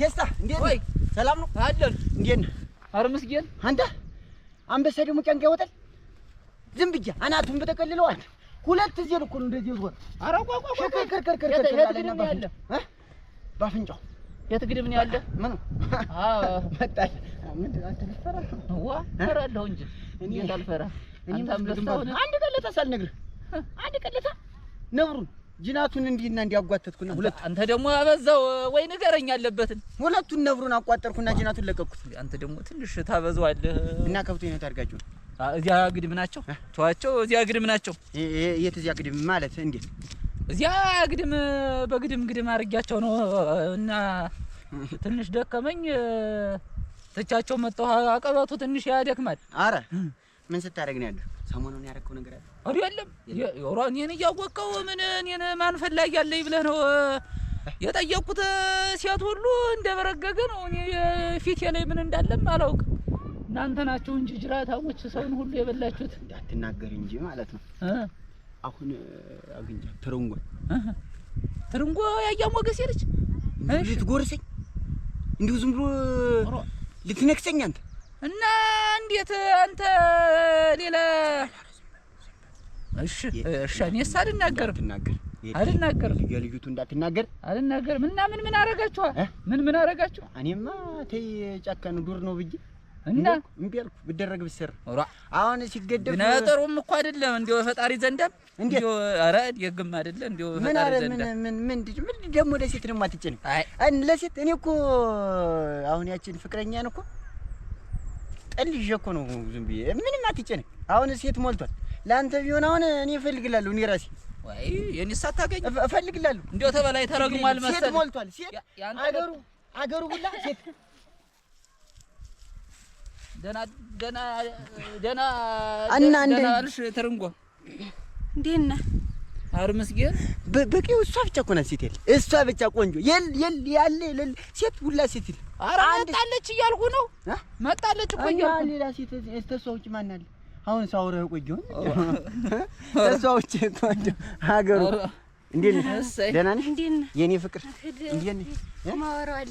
ደስታ እንዴት ነህ? ሰላም ነው አለን። እንዴት ነህ? ኧረ ምስጌን አንተ አንበሳ ደግሞ ጫንቃ ይወጣል። ዝም ብዬ አናቱን ብጠቀልለው አንተ ሁለት እዚህ እኮ ነው እንደዚህ ዞር። ኧረ ቋቋ ባፍንጫው የት ግድም ነው ያለ? ምን አዎ መጣል ምን አልፈራህም? ዋ እፈራለሁ እንጂ እንዴት አንድ ቀለታ ሳልነግርህ አንድ ቀለታ ነብሩን ጅናቱን እንዲህና እንዲያጓተትኩና ሁለት አንተ ደግሞ አበዛው ወይ ንገረኝ ያለበትን ሁለቱን ነብሩን አቋጠርኩና ጅናቱን ለቀኩት። አንተ ደግሞ ትንሽ ታበዛዋለህ እና ከብቱ ነው ታርጋችሁ እዚያ ግድም ናቸው ተዋቸው። እዚያ ግድም ናቸው። የት እዚያ ግድም ማለት እንዴት? እዚያ ግድም በግድም ግድም አድርጊያቸው ነው እና ትንሽ ደከመኝ ትቻቸው መጣሁ። አቀባቱ ትንሽ ያደክማል። አረ ምን ስታደርግ ነው ያለው ሰሞኑን ያደረገው ነገር አለ? አይደለም? የለም። ኧረ እኔን እያወቀው ምን እኔን ማን ፈላጊ አለኝ ብለህ ነው የጠየቁት ሴት ሁሉ እንደበረገገ ነው። እኔ ፊቴ ላይ ምን እንዳለም አላውቅ። እናንተ ናችሁ እንጂ ጅራታሞች ሰውን ሁሉ የበላችሁት። እንዳትናገር እንጂ ማለት ነው። አሁን አግኝቻት ትርንጎ ትርንጎ ያያሞገሴ ልጅ ልትጎርሰኝ እንዲሁ ዝም ብሎ ልትነክሰኝ አንተ እና እንዴት አንተ ሌላ እሺ እሺ፣ እኔስ አልናገርም አልናገርም። የልጅቱ እንዳትናገር አልናገርም። እና ምን ምን አረጋችኋል? ምን ምን አረጋችሁ? እኔማ ተይ ጫካን ዱር ነው ብዬ እና እምቢ አልኩ። ብደረግ ብሰር አሁን ሲገደብ ነጠሩም እኮ አይደለም እንዴው ፈጣሪ ዘንዳም እንዴ አረ የግም አይደለም እንዴው ፈጣሪ ዘንዳም ምን ምን ምን ምን ደግሞ ለሴት ደግሞ አትጭንም። አይ ለሴት እኔ እኮ አሁን ያችን ፍቅረኛን እኮ ጠል ይዤ እኮ ነው ዝም ብዬ። ምንም አትጨነቅ። አሁን ሴት ሞልቷል። ለአንተ ቢሆን አሁን እኔ እፈልግላለሁ። እኔ ራሴ ወይ የኔ ሳታገኝ እፈልግላለሁ። እንደው ተበላይ ተረግሟል መሰለኝ። ሴት ሞልቷል። ሴት አገሩ አገሩ ሁላ ሴት ደና ደህና ደህና እና እንደ አልሽ ተረንጓ እንዴት ነህ? አር በቂው እሷ ብቻ እኮ ናት ሴት የለ እሷ ብቻ ቆንጆ የል የል ያለ ሴት ሁላ ሴት የለ ኧረ መጣለች እያልኩ ነው። መጣለች እኮ እያልኩ ሌላ ሴት ተሷ ውጭ ማን አለ? አሁን ሳውራ ቆጆ ተሷ ውጭ ቆጆ ሀገሩ እንዴት ነህ? ደህና ነሽ? የእኔ ፍቅር እንዴት ነሽ?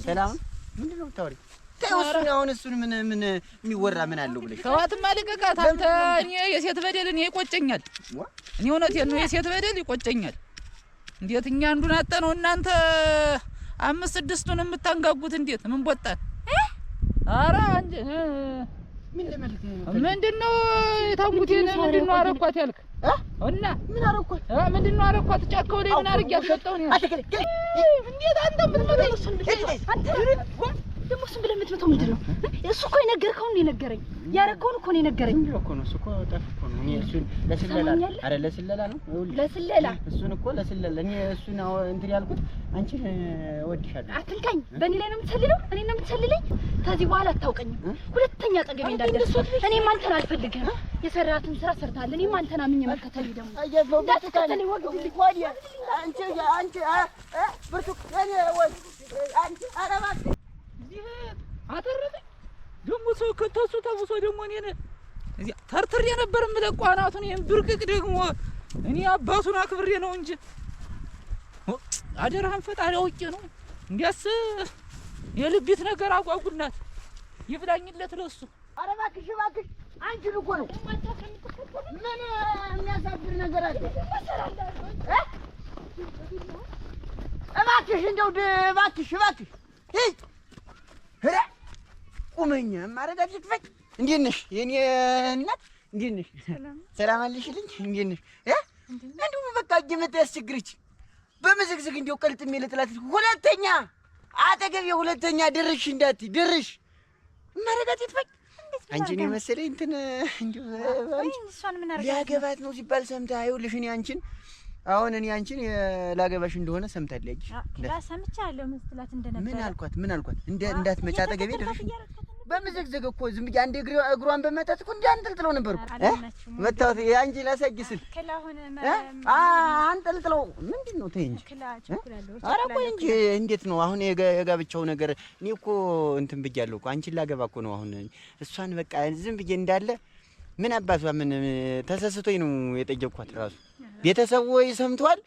ሰላም ምንድን ነው የምታወሪው? እሱን አሁን እሱን ምን ምን የሚወራ ምን አለው ብለሽ ተዋትማ፣ ልቀቃት አንተ። እኔ የሴት በደል እኔ ይቆጨኛል። እኔ እውነቴን ነው የሴት በደል ይቆጨኛል። እንዴት እኛ አንዱን አጣ እናንተ አምስት ስድስቱን የምታንጋጉት እንዴት ምን ቦጣን? ኧረ አንቺ ምንድን ነው የታንጉት? ምንድን ነው አረኳት ያልክ እና ምን አረኳት? ምንድን ነው አረኳት? ጫካው ላይ ምን አድርጌ አልሰጠሁም። እንዴት አንተ የምትመጣኝ ደግሞ እሱን ብለህ የምትመታው ምንድን ነው? እሱ እኮ የነገርከውን ነው የነገረኝ። ያደረከውን እኮ ነው የነገረኝ። እኮ ነው እሱ እኮ ጠፍ እኮ ነው። እኔ እሱን ለስለላ ኧረ ለስለላ ነው ለስለላ እሱን እኮ ለስለላ እኔ እሱን እንትን ያልኩት አንቺን እወድሻለሁ። አትንካኝ። በእኔ ላይ ነው የምትሰልለው? እኔ ነው የምትሰልለኝ? ከዚህ በኋላ አታውቀኝም። ሁለተኛ አጠገቤ እንዳትደርስ። እኔም አንተን አልፈልግህም። የሰራትን ስራ ሰርታለ። እኔም አንተን አምኜ መከተል ደግሞ እንዳትከተለኝ። ወግድ አንቺ አንቺ ብርቱካን ወግ አንቺ አረባት አተረፈኝ። ደግሞ ሰው ከተሱ ተብሶ ደግሞ እኔን እዚያ ተርትሬ ነበር የምለቀው አናቱን። ይሄን ብርቅቅ ደግሞ እኔ አባቱን አክብሬ ነው እንጂ አደራህን ፈጣሪ አውቄ ነው። እንዲያስ የልቢት ነገር አጓጉልናት ይብላኝለት ለሱ። ኧረ እባክሽ እባክሽ አንቺን እኮ ነው ምን የሚያሳድር ነገር አለ? እባክሽ እንደው እባክሽ እባክሽ ኧረ ቁመኛ ማረጋ ልትፈጭ እንዴት ነሽ የኔ እናት? እንዴት ነሽ? ሰላም አለሽልኝ? እንዴት ነሽ? እንዲሁ በቃ እየመጣ ያስቸግረች በምዝግዝግ እንዲያው ቀልጥሜ ልጥላት ሁለተኛ አጠገብ የሁለተኛ ድርሽ እንዳት ድርሽ ማረጋት ይጥፋኝ። አንቺን የመሰለኝ እንትን እንዲሁ ሊያገባት ነው ሲባል ሰምታ ይኸውልሽ እኔ አንቺን አሁን እኔ አንቺን ላገባሽ እንደሆነ ሰምታለች። ሰምቻለሁ። ምን ስትላት እንደነበረ ምን አልኳት? ምን አልኳት? እንደ እንዳትመጪ አጠገቤ ደረሽ። በምዘግዘግ እኮ ዝም ብዬሽ አንዴ እግሯን በመጣት እኮ እንደ አንጠልጥለው ነበር እኮ መታወት የአንቺ ላሳጅ ስል አንጠልጥለው ምንድን ነው? ተይ እንጂ ኧረ ቆይ እንጂ እንዴት ነው አሁን የጋብቻው ነገር? እኔ እኮ እንትን ብያለሁ እኮ አንቺን ላገባ እኮ ነው። አሁን እሷን በቃ ዝም ብዬ እንዳለ ምን አባቷ ምን ተሰስቶኝ ነው የጠየቅኳት ራሱ ቤተሰቡ ወይ ሰምቷል።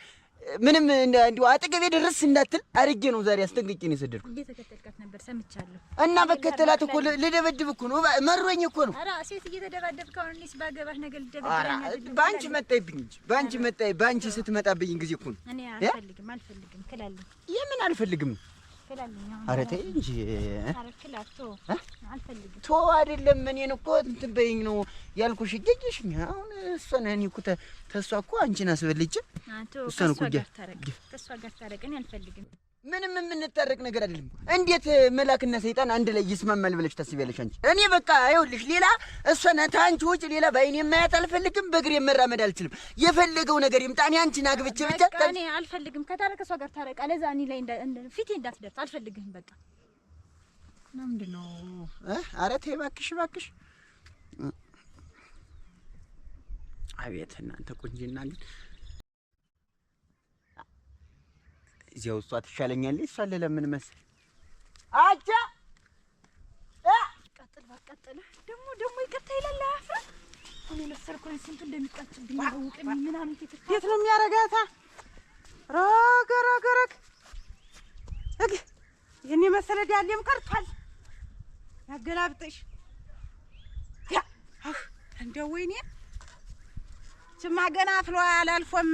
ምንም እንዲ አጠገቤ ድረስ እንዳትል አድርጌ ነው ዛሬ አስጠንቅቄ ነው የሰደድኩት። እየተከተልካት ነበር ሰምቻለሁ። እና በከተላት እኮ ልደበድብ እኮ ነው መሮኝ እኮ ነው። ኧረ ሴት ባገባሽ ነገር ልደበድብ። በአንቺ መጣይብኝ እንጂ በአንቺ መጣይ በአንቺ ስትመጣብኝ ጊዜ እኮ ነው። እኔ አልፈልግም አልፈልግም የምን አልፈልግም ነው ኧረ ተይ እንጂ ቶ አይደለም። እኔን እኮ እንትን በይኝ ነው ያልኩሽ። እጀጀሽኝ አሁን እሷን እኔ እኮ ተሷ እኮ አንቺን አስበልጬ እሷን እኮ ከእሷ ጋር ታረቅን አልፈልግም። ምንም የምንታረቅ ነገር አይደለም። እንዴት መላክና ሰይጣን አንድ ላይ ይስማማል ብለሽ ታስቢያለሽ አንቺ? እኔ በቃ ይኸውልሽ፣ ሌላ እሷን ታንቺ ውጭ ሌላ በአይኔ የማያት አልፈልግም። በእግሬ መራመድ አልችልም። የፈለገው ነገር ይምጣ። እኔ አንቺን አግብቼ ብቻ እኔ አልፈልግም። ከታረቀ እሷ ጋር ታረቃ። ለዛ እኔ ላይ ፊቴ እንዳትደርስ አልፈልግህም። በቃ ምንድን ነው? ኧረ ተይ እባክሽ፣ እባክሽ። አቤት እናንተ ቁንጅና ግን ለጊዜው እሷ ትሻለኛለች። እሷን ለምን መስል አጃ ቀጥል ባቀጥል ደግሞ ደግሞ ይቅርታ ይላል። አያፍርም። እኔ መሰልኩኝ ስንቱ ምናምን የት ነው የሚያረጋታ? እግ ይህን የመሰለ ዳሌም ቀርቷል። ያገላብጥሽ እንደው ወይኔ ስማ ገና አፍሎ አላልፎም።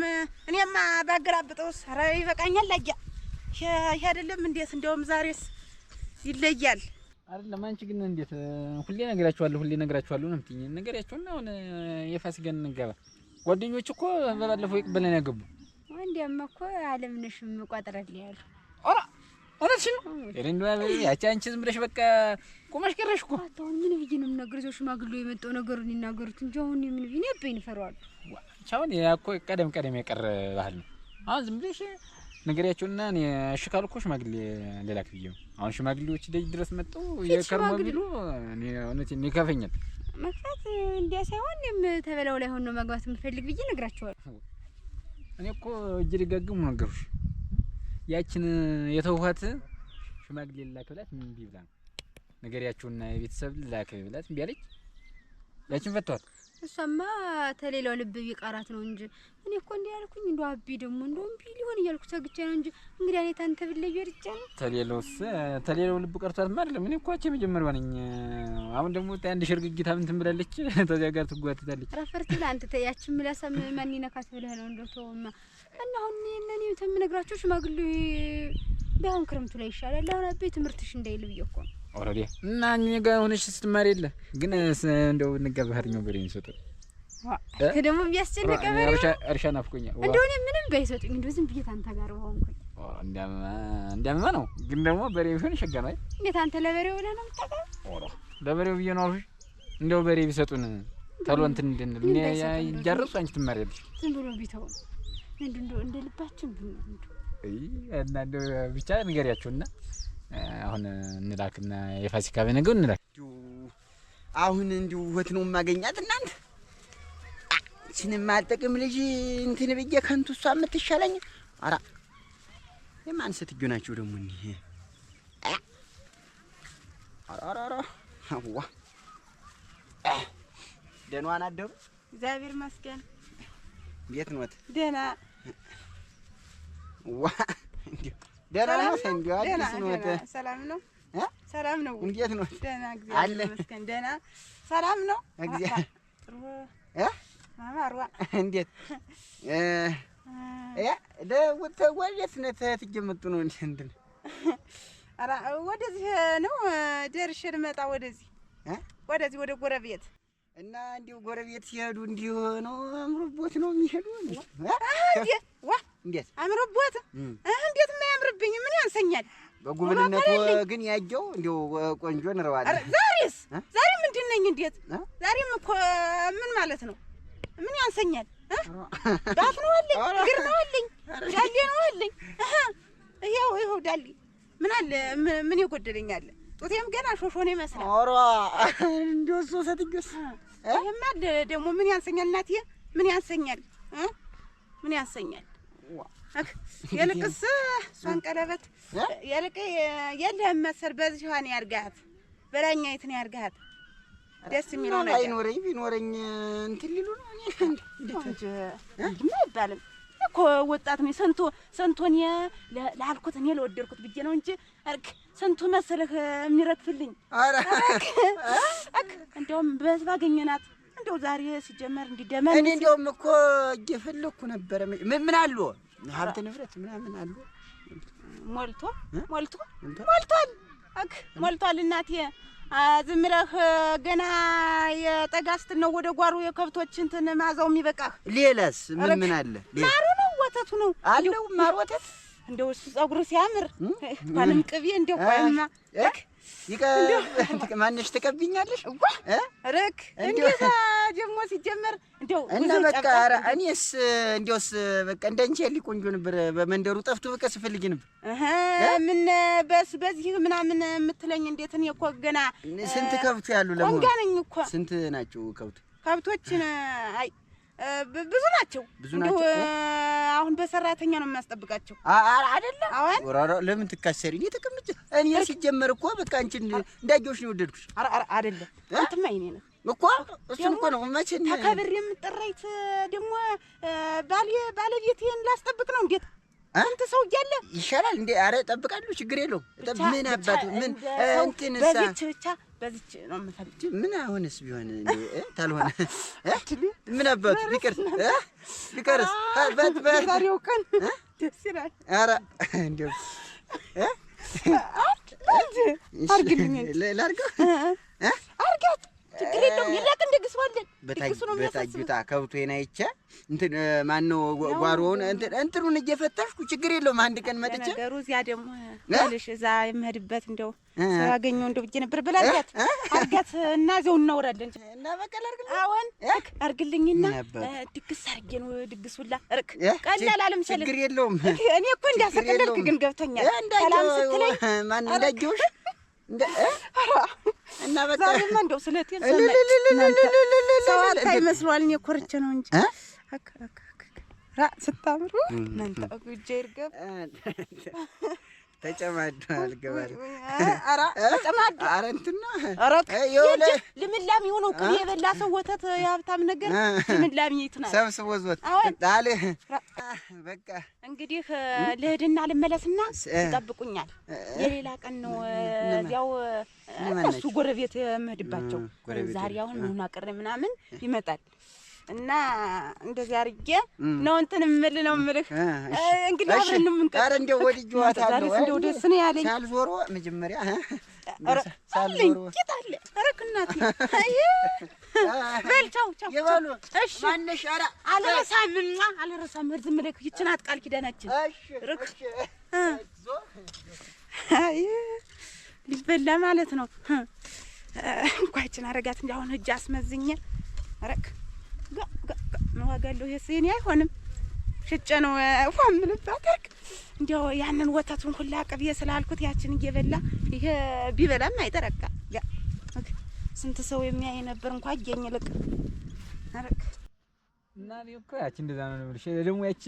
እኔማ ባገላብጠውስ ኧረ ይበቃኛል። ላያ ይሄ አይደለም እንዴት እንደውም ዛሬስ ይለያል አይደለም። አንቺ ግን እንዴት ሁሌ ነግራችኋለሁ፣ ሁሌ ነግራችኋለሁ ነው የምትይኝ። ንገሪያቸውና አሁን የፋሲካን እንገባ። ጓደኞች እኮ በባለፈው ይቅበለን ያገቡ እንዲያማ እኮ አለምነሽም ቆጥረልኝ ያሉ ኧረ እውነትሽን ነው። ያቺ አንቺ ዝም ብለሽ በቃ ቆመሽ ቀረሽ እኮ። አሁን ምን ብዬሽ ነው የምናገር? እዚያው ሽማግሌው የመጣው ነገሩን ይናገሩት እንጂ አሁን ምን ብዬሽ ነው ያበይን እፈራዋለሁ አሁን ያኮ ቀደም ቀደም የቀረ ባህል ነው። አሁን ዝም ብለሽ ነገሪያቸውና እኔ እሺ ካልኩ ሽማግሌ ልላክ ብዬ አሁን ሽማግሌዎች ደጅ ድረስ መጥተው የከርሞ ቢሉ እኔ እውነቴን ይከፈኛል። መግፋት እንዲያ ሳይሆን ም ተበላው ላይ ሆኖ መግባት የምፈልግ ብዬ እነግራቸዋለሁ። እኔ እኮ እጅ ደጋግሙ ነገሮች ያችን የተውኋት ሽማግሌ ልላክ ብላት ምን ቢብላ ነው ነገሪያቸውና የቤተሰብ ልላክ ብላት እምቢ አለች። ያችን ፈቷት እሷማ ተሌላው ልብ ቢቀራት ነው እንጂ እኔ እኮ እንዲ ያልኩኝ እንደ አቢ ደግሞ እንደ እምቢ ሊሆን እያልኩ ሰግቼ ነው እንጂ እንግዲህ አይነት አንተ ብለዩ ርጫ ነው ተሌለውስ ተሌለው ልብ ቀርቷትም አይደለም። እኔ እኮ አቼ መጀመሪያው ነኝ። አሁን ደግሞ አንድ ሽርግጊታ እንትን ብላለች፣ ተዚያ ጋር ትጓትታለች። ረፈርት ብላ አንተ ያችን ምላሳም ማን ይነካት ብለህ ነው እንደው ተውማ እና አሁን እኔ የምነግራቸው ሽማግሌ ባይሆን ክረምቱ ላይ ይሻላል። አሁን አቤ ትምህርትሽ እንዳይል ብዬ እኮ ነው ኦልሬዲ እና እኔ ጋር ሆነሽ ስትማሪ የለ ግን እንደው እንጋባህር ነው ብሬን ሰጡ ከደሞ የሚያስጨንቀ እርሻ ናፍቆኛል እንደሆነ ምንም ባይሰጡኝ እንደው ዝም ብዬ ታንተ ጋር ሆንኩኝ። እንዲያመመ ነው ግን ደግሞ በሬ ቢሆን ይሸገናል። እንዴት አንተ ለበሬው ብለህ ነው የምታውቀው? ለበሬው ብዬ ነው አልኩሽ። እንደው በሬ ቢሰጡን ተሎ እንትን እንድንል እያረሱ አንቺ ትማሪያለሽ። ዝም ብሎ ቢተው እንደ ልባችን ብቻ ንገሪያቸውና አሁን እንላክና የፋሲካ በነገው እንላክ። አሁን እንዲሁ ውህት ነው የማገኛት እናንተ ስንማጠቅም ልጅ እንትን ብዬ ከንቱ እሷ የምትሻለኝ። አራ የማን ስትጆ ናቸው ደግሞ እኒህ? አራራራ አዋ ደህና ናደሩ? እግዚአብሔር ይመስገን። እንዴት ኖት? ደህና ዋ እንዲሁ ደህና ነው። ሰንጆ አዲስ ነው። ሰላም ነው። ሰላም ነው። እንዴት ነው? ደህና እግዚአብሔር ይመስገን። ደህና ሰላም ነው። እግዚአብሔር እ አማርዋ እንዴት እ እ ደውተ ወዴት ነው ተትጀምጡ ነው እንዴ እንትን አራ ወደዚህ ነው ደርሼ ልመጣ ወደዚህ እ ወደዚህ ወደ ጎረቤት እና እንዲሁ ጎረቤት ሲሄዱ እንዲሁ ነው አምሮቦት ነው የሚሄዱ እንዴ እንዴት አምርቦት እንዴት የማያምርብኝ ምን ያንሰኛል? በጉብንነቱ ግን ያጀው እንዲው ቆንጆ እንረዋለን። ዛሬስ ዛሬ ምንድን ነኝ? እንዴት ዛሬም እኮ ምን ማለት ነው? ምን ያንሰኛል? ዳት ነው አለኝ፣ እግር ነው አለኝ፣ ዳሌ ነው አለኝ። ይኸው ይኸው ዳሌ ምን አለ? ምን ይጎደለኛል? ጡቴም ገና ሾሾ ነው ይመስላል። ኧረ እንደው እሱ ሰትጆስ ይሄማ ደግሞ ምን ያንሰኛል? እናትዬ ምን ያንሰኛል? ምን ያንሰኛል? የልቅስ እሷን ቀለበት የልቅ የለህም መሰል በዚህ ሆነ ያርጋት በላኛይት ነው ያርጋት። ደስ የሚለው ነገር አይኖረኝ ቢኖረኝ እንትን ሊሉ ነው አይባልም እኮ ወጣት ስንቱ ላልኩት እኔ ለወደድኩት ብዬ ነው እንጂ አርክ ስንቱ መሰልህ የሚረግፍልኝ። አረ አክ እንደውም እንደው ዛሬ ሲጀመር እንዲደመን እኔ እንደውም እኮ እጄ ፈለግኩ ነበረ። ምን ምን አሉ ሀብት ንብረት ምናምን አሉ ሞልቶ ሞልቶ ሞልቷል፣ እክ ሞልቷል። እናቴ ዝም ገና የጠጋ ስትል ነው ወደ ጓሮ የከብቶች እንትን ማዛው የሚበቃህ። ሌላስ ምን ምን አለ? ማሩ ነው ወተቱ ነው አለው። ማር ወተት እንደው እሱ ጸጉሩ ሲያምር ባንም ቅቤ እንደው ባይማ እክ ማነሽ ትቀብኛለሽ? ርክ እንዴት ደግሞ ሲጀመር እንደው እና በቃ ኧረ እኔስ እንደውስ በቃ እንደ አንቺ ያለ ቆንጆ ነበር በመንደሩ ጠፍቶ በቃ ስፈልጊ ነበር። ምን በስ በዚህ ምናምን የምትለኝ እንዴት እኔ እኮ ገና ስንት ከብት ያሉ ለመሆኑ ስንት ናቸው ከብቱ ከብቶችን አይ ብዙ ናቸው። ብዙ ናቸው። አሁን በሰራተኛ ነው የሚያስጠብቃቸው አይደለም። አሁን ለምን ትካሰሪ? እኔ ተቀምጭ እኔ ሲጀመር እኮ በቃ አንቺን እንዳየሁሽ ነው የወደድኩሽ። አይደለም አንተማ የእኔ ነህ እኮ እሱን እኮ ነው መቼ ተከብር የምጠራይት ደግሞ ባለቤቴን ላስጠብቅ ነው እንዴት አንተ ሰው እያለ ይሻላል እንዴ? አረ እጠብቃለሁ፣ ችግር የለውም። ምን አባቱ ምን እንትን በዚች ብቻ በዚች ነው የምፈልግ። ምን አሁንስ ቢሆን ታልሆነ ምን አባቱ ቢቀርስ ቢቀርስ በት በዛሬው ቀን ደስ ይላል። አረ እንዲሁ አርግልኝ፣ ላርገው አርጋት ችግር የለውም። የላቅ እንደግሰዋለን። በታጁታ ከብቶን አይቼ እንትን ማነው ጓሮውን እንትኑን እየፈተሽኩ ችግር የለውም። አንድ ቀን መጥቼ ነገሩ እዚያ ደግሞ ልሽ እዛ የምሄድበት እንደው ያገኘው እንደው ብዬ ነበር። ብላ አድጋት እና እዚያው እናውራለን እና በቀል አርግ አሁን እክ አርግልኝና ድግስ አርጌ ነው ድግስ ሁላ እርክ ቀላል አለምሰልም ችግር የለውም። እኔ እኮ እንዳሰቀለልክ ግን ገብቶኛል። ሰላም ስትለኝ ማን እንዳየውሽ እና በቃ እንደው ስለቴን ሰው አታይ መስሏል። እኔ ኮርቼ ነው እንጂ ስታምሩ እናንተ እጄ ይርገብ ተጨማዷል ገባል። ኧረ እንትና ልምላሜ ሆኖ ቅቤ የበላ ሰው ወተት የሀብታም ነገር ልምላሜ ይትናል ሰብስቦ ዞት በቃ እንግዲህ ልሂድና ልመለስና ይጠብቁኛል። የሌላ ቀን ነው እዚያው እሱ ጎረቤት የምሄድባቸው ዛሬ አሁን ሆና ቅር ምናምን ይመጣል እና እንደዚህ አድርጌ ነው እንትን የምልህ ነው የምልህ። እንግዲህ አብረን የምንቀር እንደው ወድጄዋታለሁ። እንደው ደስ ነው ያለኝ ሳልዞሮ መጀመሪያ ሳልዞሮ ጌታለ ረክናት በል ቻው ቻው ይበሉ። እሺ ማነሽ? ኧረ አልረሳም፣ አልረሳም። እርዝ የምልህ ይችን አትቃል ኪዳናችን። እሺ አይ ሊበላ ማለት ነው። እንኳን ይችን አረጋት እንጂ አሁን እጅ አስመዝኜ ረክ እዋጋለሁ። ይሄስ አይሆንም፣ ሽጬ ነው ውሃ የምልባት። እንዲያው ያንን ወተቱን ሁላ ቅቤ ስላልኩት ያችን እየበላ ይሄ ቢበላም አይጠረቃ። ስንት ሰው የሚያይ ነበር እንኳ አየኝ ልቅ እና እኔ እኮ ያቺ እንደዛ ነው የምልሽ። ደግሞ ያቺ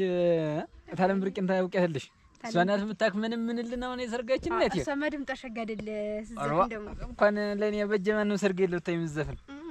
ታለም ብርቅ እንታ ያውቀልሽ እሷናት ምታክ ምንም ምን ልና ሆነ የሰርጋችን ነት ሰመድም ጠሸጋ አይደለ እንኳን ለእኔ በጀማን ነው ሰርግ የለብታ የምዘፍን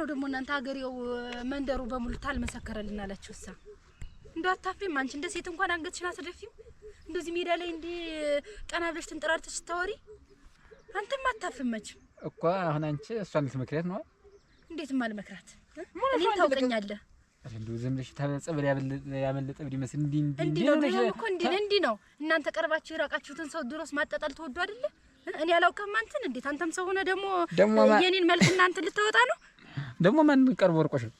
ነው ደግሞ እናንተ ሀገሬው መንደሩ በሙሉ ታልመሰከረልን አላችሁ። እሳ እንደው አታፍሪም አንቺ? እንደ ሴት እንኳን አንገትሽን አስደፊም እንደዚህ ሜዳ ላይ እንዲህ ቀና ብለሽ ትንጠራርተሽ ስታወሪ አንተም አታፍም መችም እኮ። አሁን አንቺ እሷን ልትመክሪያት ነው? እንዴት ማልመክራት? እኔን ታውቀኛለህ። እንዴ ዝም ብለሽ ተጸበል ያመለጠ ብድ ይመስል እንዲ እንዲህ ነው እኮ እንዲህ እንዲ ነው። እናንተ ቀርባችሁ የራቃችሁትን ሰው ድሮስ ማጣጣል ተወዱ አይደለ? እኔ አላውቅም። አንተን እንዴት አንተም ሰው ሆነ ደግሞ የኔን መልክ እናንተ ልታወጣ ነው ደግሞ ማን ቀርቦ ወርቆሽ? ነው?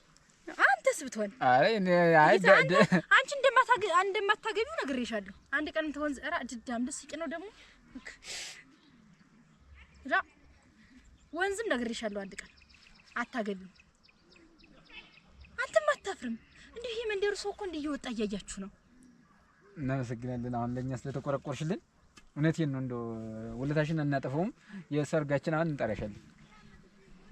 አንተስ ብትሆን አይ እኔ አይ አንቺ እንደማታገቢ እንደማታገቢው ነግሬሻለሁ። አንድ ቀን ተሆን ዘራ ድዳም ደስ ይቅ ነው ደግሞ ራ ወንዝም ነግሬሻለሁ። አንድ ቀን አታገቢው። አንተም አታፍርም። እንዲህ ይሄ መንደሩ ሰው እኮ እንዲህ እየወጣ እያያችሁ ነው። እናመሰግናለን። አሁን ለእኛ ስለተቆረቆርሽልን እውነቴን ነው። እንደው ውለታሽን አናጠፈውም። የሰርጋችን አሁን እንጠራሻለን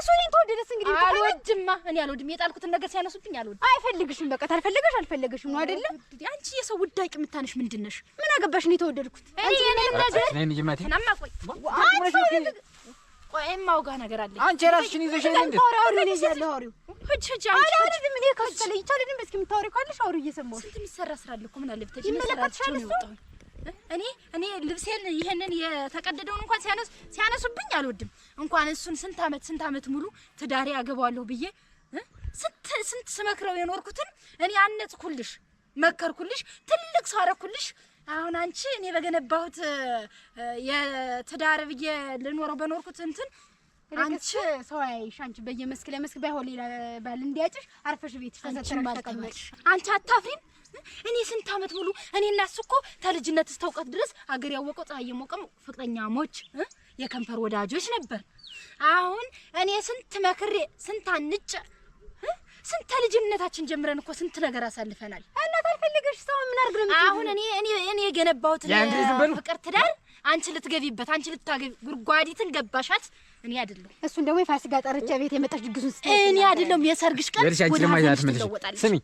እሱ እኔን ተወደደስ? እንግዲህ አልወድማ እኔ አልወድም። የጣልኩትን ነገር ሲያነሱብኝ አልወድም። አይፈልግሽም፣ በቃ ታልፈለገሽ አልፈለገሽም ነው አይደለ? አንቺ የሰው ውዳቂ የምታነሽ ምንድን ነሽ? ምን አገባሽ? እኔ የተወደድኩት ቆይ ነገር አለኝ። አንቺ የራስሽን ይዘሽ እንዴ? አውሪው ምን አለ እኮ ምን አለ እኔ እኔ ልብሴን ይሄንን የተቀደደውን እንኳን ሲያነሱ ሲያነሱብኝ አልወድም። እንኳን እሱን ስንት አመት ስንት አመት ሙሉ ትዳሬ አገባዋለሁ ብዬ ስንት ስንት ስመክረው የኖርኩትን እኔ አነጽኩልሽ፣ መከርኩልሽ፣ ትልቅ ሰው አረኩልሽ። አሁን አንቺ እኔ በገነባሁት የትዳር ብዬ ልኖረው በኖርኩት እንትን አንቺ ሰው አይሽ አንቺ በየመስክ ለመስክ ባይሆን ሌላ ባል እንዲያጭሽ አርፈሽ ቤት ተሰጥተሽ ማለት አንቺ አታፍሪም? እኔ ስንት አመት ሙሉ እኔና እሱ እኮ ተልጅነት እስከ እውቀት ድረስ አገር ያወቀው ፀሐይ የሞቀም ፍቅረኛሞች የከንፈር ወዳጆች ነበር። አሁን እኔ ስንት መክሬ ስንት አንጭ ስንት ልጅነታችን ጀምረን እኮ ስንት ነገር አሳልፈናል። እናት አልፈልግሽ ሰው ምን አድርግ ነው? አሁን እኔ እኔ እኔ የገነባሁት ፍቅር ትዳር አንቺ ልትገቢበት አንቺ ልታገቢ ጉድጓዲትን ገባሻት። እኔ አይደለም እሱን ደግሞ የፋሲካ ጠርቼ ቤት የመጣሽ ድግሱን እኔ አይደለም የሰርግሽ ቀን ወደ ሀዘንሽ ትለወጣለች። ስሚ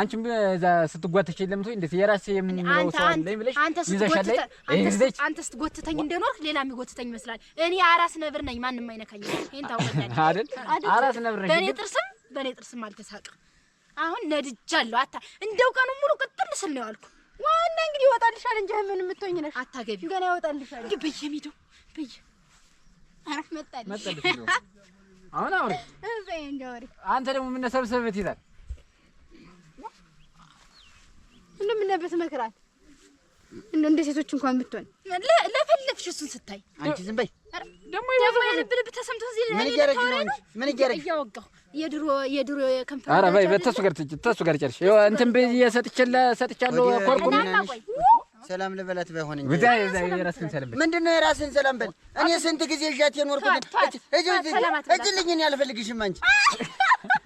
አንቺም እዛ ስትጓተች የለም ሰው እንደዚህ የራሴ የምንለው ሰው አለኝ ብለሽ ይዘሻለኝ። አንተ ስትጎትተኝ እንደኖርክ ሌላ የሚጎትተኝ ይመስላል። እኔ አራስ ነብር ነኝ፣ ማንም አይነካኝ። ይሄን ታውቀኛለህ አይደል? አራስ ነብር ነኝ። በእኔ ጥርስም በእኔ ጥርስም አልተሳቅም። አሁን ነድጃለሁ። አታ እንደው ቀኑ ሙሉ ቅጥል ስል ነው ያልኩ። ዋና እንግዲህ ይወጣልሻል እንጂ ምን የምትሆኝ ነሽ? አታገቢው ገና ይወጣልሻል። እንዴ በየሚዶ በየ አራስ መጣልሽ መጣልሽ። አሁን አውሪ እዚህ አንተ ደግሞ ምን ሰብሰብት ይላል እንደው ምን ነበር ትመክራት? እንደው እንደ ሴቶች እንኳን ብትሆን ለፈለፍሽ እሱን ስታይ አንቺ ዝም በይ። ደግሞ የልብ ተሰምቶ እዚህ ምን እያደረግሽ ነው? አንቺ ምን እያደረግሽ እያወጋሁ የድሮ የድሮ የከንፈር ኧረ በይ በተሱ ጋር ተሱ ጋር ጨርሽ ይኸው እንትን ብዬሽ ሰጥቼለ ሰጥቻለሁ። ኮርኩም ሰላም ልበላት ባይሆን እንጂ ወዳ የዛ የራስህን ሰላም በል። ምንድን ነው የራስህን ሰላም በል? እኔ ስንት ጊዜ እዣት የኖርኩት እጅ እጅ ልኝን ያልፈልግሽም አንቺ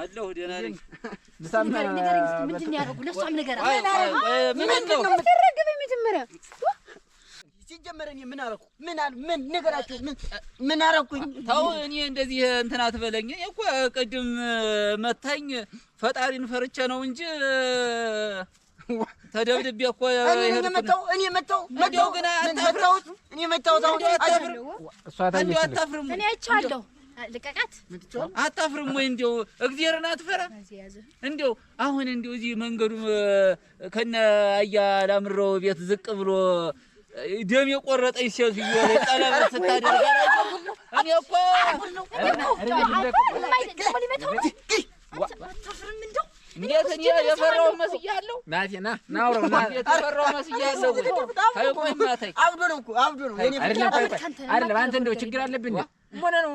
አለሁ ደህና ነኝ። ምንድን ነው ያደረጉ? ለእሷም ነገር መጀመሪያ ሲጀመር እኔ ምን አደረኩ? ምን አል ምን ነገራቸው? ምን ምን አደረኩኝ? ተው እኔ እንደዚህ እንትን አትበለኝ። እኔ እኮ ቅድም መታኝ ፈጣሪን ፈርቼ ነው እንጂ ተደብድቤ እኮ እኔ መታው እኔ መታው መታው ግን አታፍርም። እኔ መታው ታው አታፍርም። እኔ አይቻለሁ ልቀቃት። አታፍርም ወይ? እንዲያው እግዚአብሔርን አትፈራ? እንዲያው አሁን እንዲያው እዚህ መንገዱ ከነ አያ ላምረው ቤት ዝቅ ብሎ ደም የቆረጠኝ ሴት ይወለ ጠለብ ስታደርግ እኔ እኮ አንተ እንደው ችግር አለብን ነው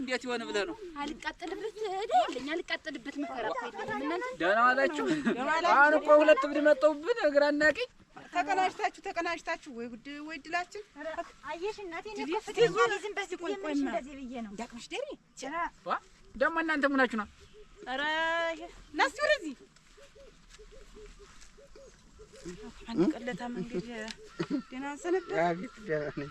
እንዴት ይሆን ብለህ ነው? አልቃጠልበት አይደለኝ አልቃጠልበት መከራ እኮ የለኝም። እናንተ ደህና ዋላችሁ? አሁን እኮ ሁለት ብድ መጠውብን እግር አናውቅኝ። ተቀናጅታችሁ ተቀናጅታችሁ ወይ ጉድ ወይ ድላችን። አየሽ እናቴ ነው ከፍተኛ ዝም በዚህ ቆይ ቆይ እንደዚህ ብዬ ነው ዳቅምሽ ደሪ ጭራ ደግሞ እናንተ ሙናችሁ ነው። ኧረ ናስ ወደዚህ አንቀለታ መንገድ ደህና ሰነበት። አቤት ደህና ነኝ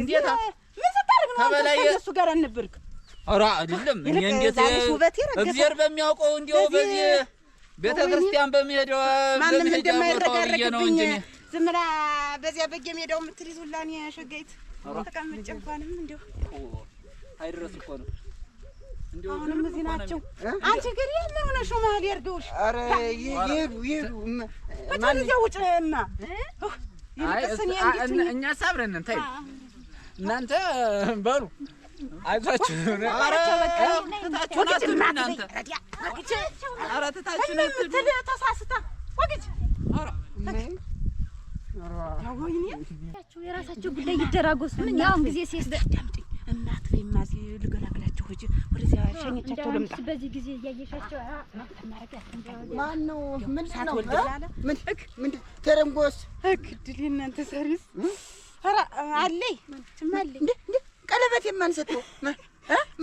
እንዴት ምን ስታደርግ ነው አንተ እሱ ጋር አንብርክ? ኧረ አይደለም እኔ እንዴት እግዚአብሔር በሚያውቀው እንዲያው በዚህ ቤተ ክርስቲያን በሚሄደው ማንም እንደማይረጋረግብኝ ዝም ብላ በዚያ በየሜዳው የምትሪዝ ሁላ እኔ ሸጋይት ተቀምጬ እንኳንም እንዲያው አይደረስ እኮ ነው። አሁንም እዚህ ናቸው። አንቺ ግን ምን ሆነሽ ነው? መሀል ያድርገውሽ። ኧረ ይሄዱ ይሄዱ ውጭ እማ እኛስ አብረን እንትን እናንተ በሉ አይዟችሁ። የራሳቸው ጉዳይ ይደራጎስ። ምን ጊዜ እናት ልገላግላቸው ወደዚያ ልምጣ። በዚህ ጊዜ እያየሻቸው ማን ነው? ምንድን ነው? ምን ምንድን ተረንጎስ እክድል የእናንተ አለኝ አለኝ። ቀለበት የማን ሰጠው?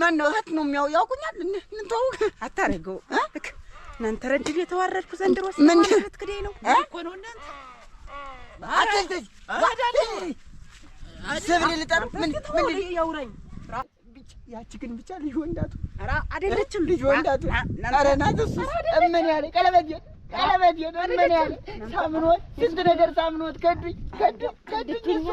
ማን ነው? እህት ነው የሚያው ያውቁኛል። ምን አታረገው። እናንተ ረድል የተዋረድኩ ዘንድሮ ስለት ነው እኮ ነው እናንተ ብቻ ልጅ ወንዳቱ አይደለችም። ልጅ ወንዳቱ ቀለበት ቀለበት የለም። ምን ያለ ሳምኖት ስንት ነገር ሳምኖት ከዱኝ ከዱኝ ከዱኝ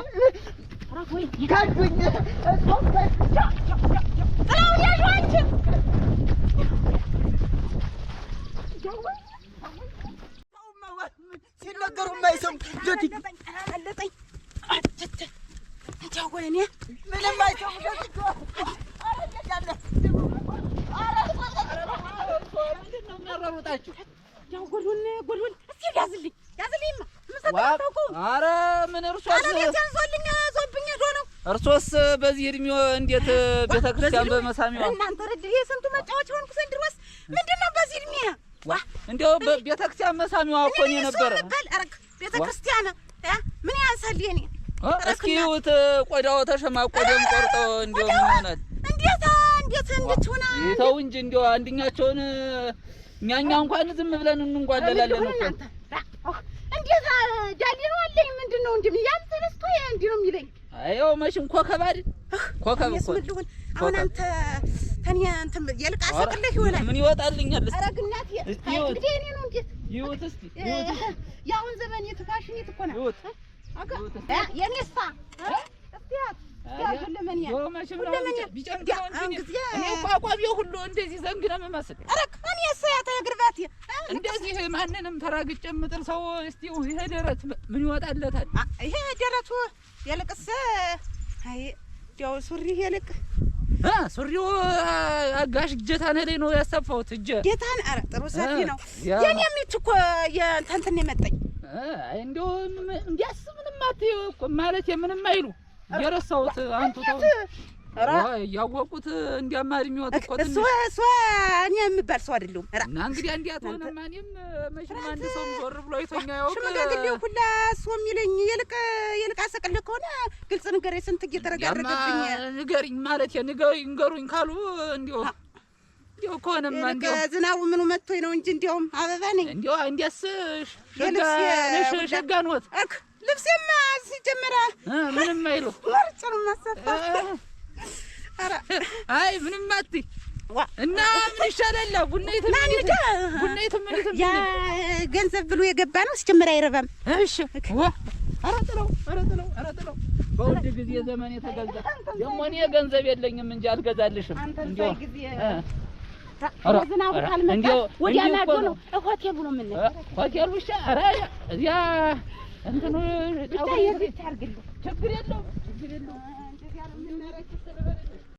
ሲነገሩ ምንም አይሰሙ ያው ጎልሁን ጎልሁን እስኪ ያዝልኝ ያዝልኝማ ኧረ ምን እርሶስ እርሶስ በዚህ እድሜዎ እንዴት ቤተ ክርስቲያን በመሳሚዋ እናንተ ረድር የስንቱ መጫወች ሆንኩ ዘንድሮስ ምንድን ነው በዚህ እድሜ እንዲያው ቤተ ክርስቲያን መሳሚዋ እኮ እኔ ነበረ ቤተ ክርስቲያን ምን ያንሳል የኔ እስኪ ይሁት ቆዳው ተሸማቆ ደም ቆርጦ እንዲያው ምን እንዴት እንዴት እንድትሆና ይተው እንጂ እንዲያው አንድኛቸውን እኛ እኛ እንኳን ዝም ብለን እንንጓደላለን እኮ እንዴት ዳዲ ነው አለኝ። ምንድን ነው እንዴ ያን ተነስቶ ያ እንዴ ነው የሚለኝ? አይው መሽም ኮከብ አይደል ኮከብ እኮ አሁን አንተ ተኔ አንተ የልቃ ሰቅለህ ይሆናል። ምን ይወጣልኛል? እስቲ ኧረ ግናት እንግዲህ እኔ ነው እንዴ ይውት እስቲ ይውት ያሁን ዘመን የትፋሽን ይትኮና ይውት አጋ የኔስታ እስቲ ያት ሁለመንያ ሁለመንያ ቢጨምቀው እንዴ እኔ ቋቋም ሁሉ እንደዚህ ዘንግና መመስል አረክ የግርባቴ እንደዚህ ማንንም ተራግጬ የምጥል ሰው እስቲ ይሄ ደረት ምን ይወጣለታል? ይሄ ደረቱ የልቅስ አይ ያው ሱሪ የልቅ አ ሱሪው አጋሽ እጀታነ ላይ ነው ያሰፋሁት። እጀ ጌታን አረ ጥሩ ሰፊ ነው። የኔ ሚት እኮ የእንተንትን የመጣኝ አይ እንደው እንዲያስ ምንም አትይው እኮ ማለት የምንም አይሉ የረሳሁት አንቱ ተው ያወቁት እንዲያማር የሚወጥ እኮ እሱ እሱ እኔ የምባል ሰው አይደለሁም። እና እንግዲህ እንዲያት ሆነ ማንም መቼም አንድ ሰው ዞር ብሎ ይተኛ ያውቅ ሽማግሌው ሁላ እሱ የሚለኝ የልቅ የልቅ አሰቅልህ ከሆነ ግልጽ ንገረኝ። ስንት እየተረጋረገብኝ ንገሪኝ ማለት ንገሪኝ ንገሩኝ ካሉ እንዲሁ እንዲሁ ከሆነማ እንዲሁ ዝናቡ ምኑ መጥቶኝ ነው እንጂ እንዲያውም አበባ ነኝ እንዲሁ እንዲያስ ሸጋ ንወት ልብሴማ ሲጀመራ ምንም አይሉ ወርጭ ነው ማሰፋ አይ ምንም አትይ እና ምን ይሻላል? ቡና ያ ገንዘብ ብሎ የገባ ነው ሲጀመር አይረባም። እሺ ኧረ ጥለው ኧረ ጥለው ኧረ ጥለው በውድ ጊዜ ዘመን የተገዛ ደግሞ እኔ ገንዘብ የለኝም እንጂ አልገዛልሽም። ዝናቡ ካልመጣ ወዲያ ማዶ ነው ሆቴሉ ነው ሆቴሉ ኧረ እዚያ እንትኑ ችግር የለውም ችግር የለውም Adam, the medic, the